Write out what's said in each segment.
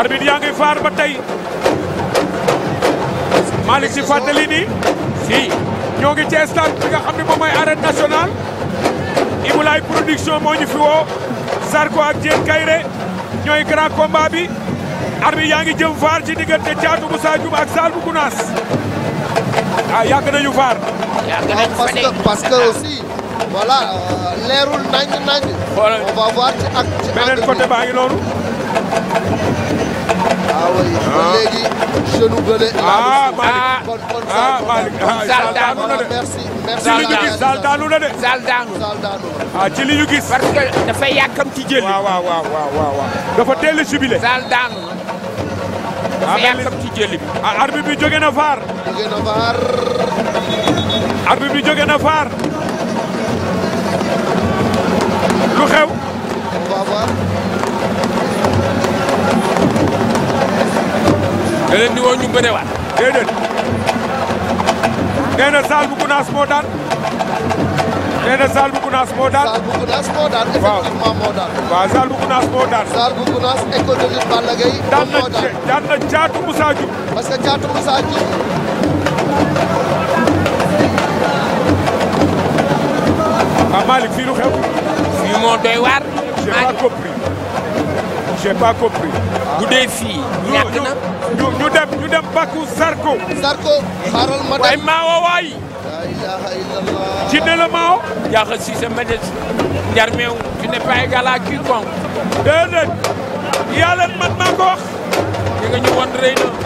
arbitre yaa ngi faar ba tey Malick si fàttali ni ñoo ngi ci stade bi nga xam ne moom mooy arène nationale Ibulaay production moo ñu fi woo Sarko ak Diène Kayre ñooy grand combat bi arbitre yaa ngi jëm faar ci diggante Thiatou Moussa Dioum ak Sall bu Gunaas ah yàgg nañu faar. yàgg nañu fa de parce que aussi. voilà euh, leerul ci ak ci beneen côté baa ngi noonu. waaw kon na li gis. parce que dafa yàkkam ci na. bi. ah na faar. jóge na na faar. lu xew. da leen di woo ñu bërewaat. déedéet nee na Saal bu Gunaas moo daan nee na Saal moo daan. Saal bu Gunaas moo moo daan. waaw Saal bu Balla Gaye. daan Caatu Moussa Diouf. parce que Caatu Moussa Diouf. ah Malick fii xew. fii moo doy waar. maa ngi j'ai a compris. bu dee fii. ñàkk na ñu ñu dem ñu Sarko. Sarko xaaral ma dem waaye Maawo waay. ci ne la Maawo. jaaxal si sa médecin. njarmeew tu n'es pas égal à quiconque. déedéet yàlla man maa ko nga ñu woon na.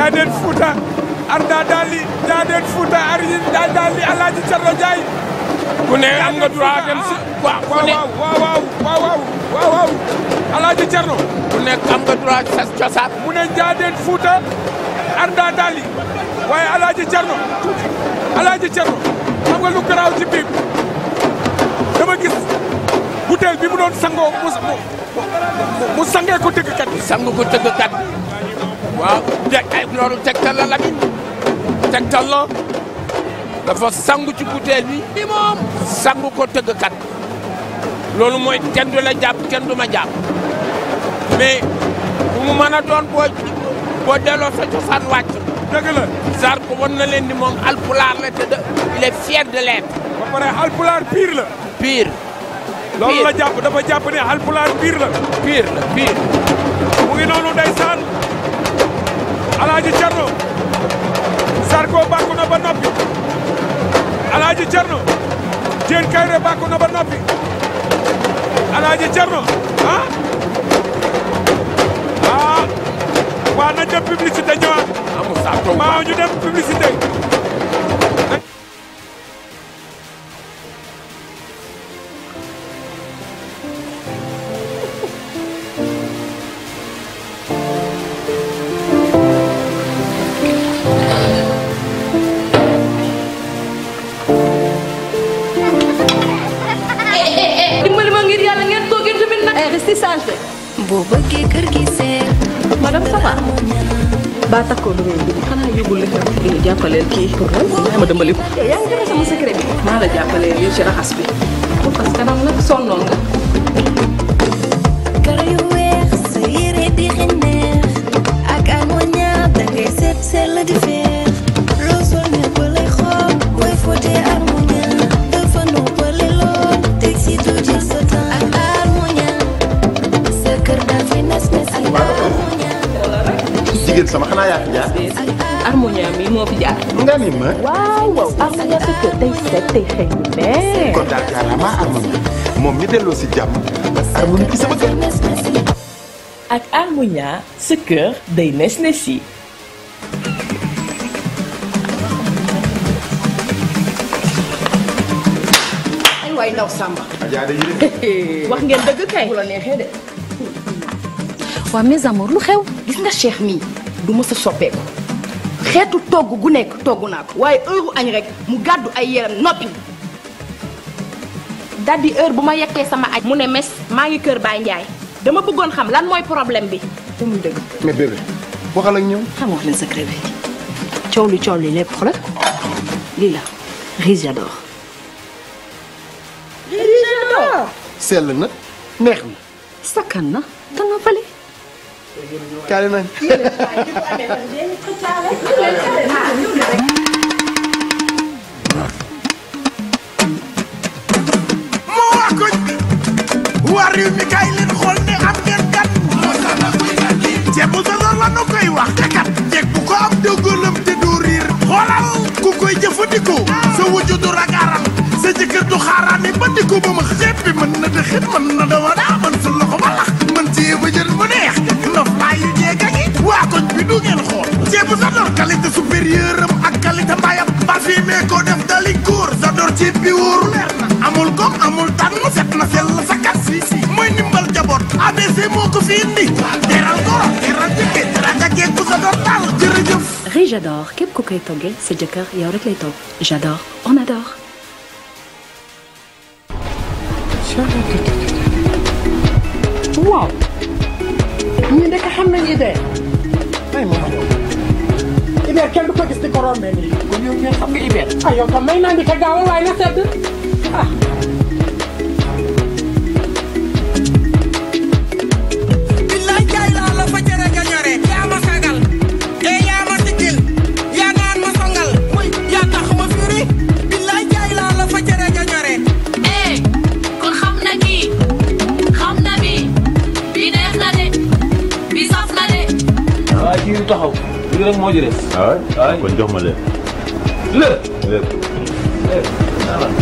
Diadène Fouta Arda Dali Diadène Fouta Arine Dali Alaaji Cerno Jaay ku ne am nga droit dem si waaw ku ne waaw waaw waaw waaw Alaaji Cerno ku nekk am nga droit sa cosaan mu ne Diadène Fouta Arda Dali waaye Alaaji dama gis butéel bi mu doon sangoo mu sangee ko tëggkat bi sangu ko tëggkat bi waaw de ay eh, loolu tegtal la Lamine tegtal la dafa sangu ci bouteille bi. di moom sangu ko tëggkat loolu mooy kenn la jàpp kenn du ma jàpp mais bu mu mën a doon boo boo delloo sa cosaan wàcc. dëgg la Zarko wan na leen ni moom alpulaar la te de il est fier de l'être. ba pare alpulaar pire la. pire. loolu la jàpp dafa jàpp ne alpulaar pire la. pire la pire. mu ngi noonu ndeysaan. Alaaji Cerno Zarko bàkku na ba noppi Alaaji Cerno Diène Kaïré bàkku na ba noppi Alaaji Cerno ah ah waa nañ dem publicité ñëwaat. amul saa taw maa ñu dem publicité. ba takkoo lu ngeen dugg xanaa yóbbu la xew di nga kii pour lan dinaa ma dëmbali ko. yaa ngi sama secret bi. maa la jàppaleel yow ci raxas bi. pour parce que kanam nag sonnoon nga. ak ak di sama xanaa yaa fi jaar. mi moo fi jaar. nga ni ma. waaw waaw harmonia sa kër tey set tey xëy bu neex. kon daal jaaraama harmonia si jàmm parce que harmonia kër. ak harmonia sa du mës a soppeeku xeetu togg gu nekk togg naa ko waaye heure añ rek mu gàddu ay yaram noppi daldi heure bu ma yekkee sama añ mu ne mes maa ngi kër Baye Ndiaye dama bëggoon xam lan mooy problème bi bu muy dëgg mais bébé waxal ak ñoom xam wax leen secret bi coow li coow li lépp xoolal lii la riz j'adore riz sell na neex na sakkan na danga carrément. mu wax ko waa réew mi kaay leen xool ne am ngeen gan. jéem a la nu koy wax te kat jéeg bu ko am dëggul. j'adore képp ku koy toggee sa jëkkër yow rek lay toog j'adore on adore. waaw. ñu nekk xam nañu idée. Iber kenn du ko gis di ko rombee nii. kon yow ngeen xam nga Iber. ah yow tam may naan di ko gaaw a waaye na sedd ah. moo ci des. waaw ah ah kon jox ma lépp. lépp lépp.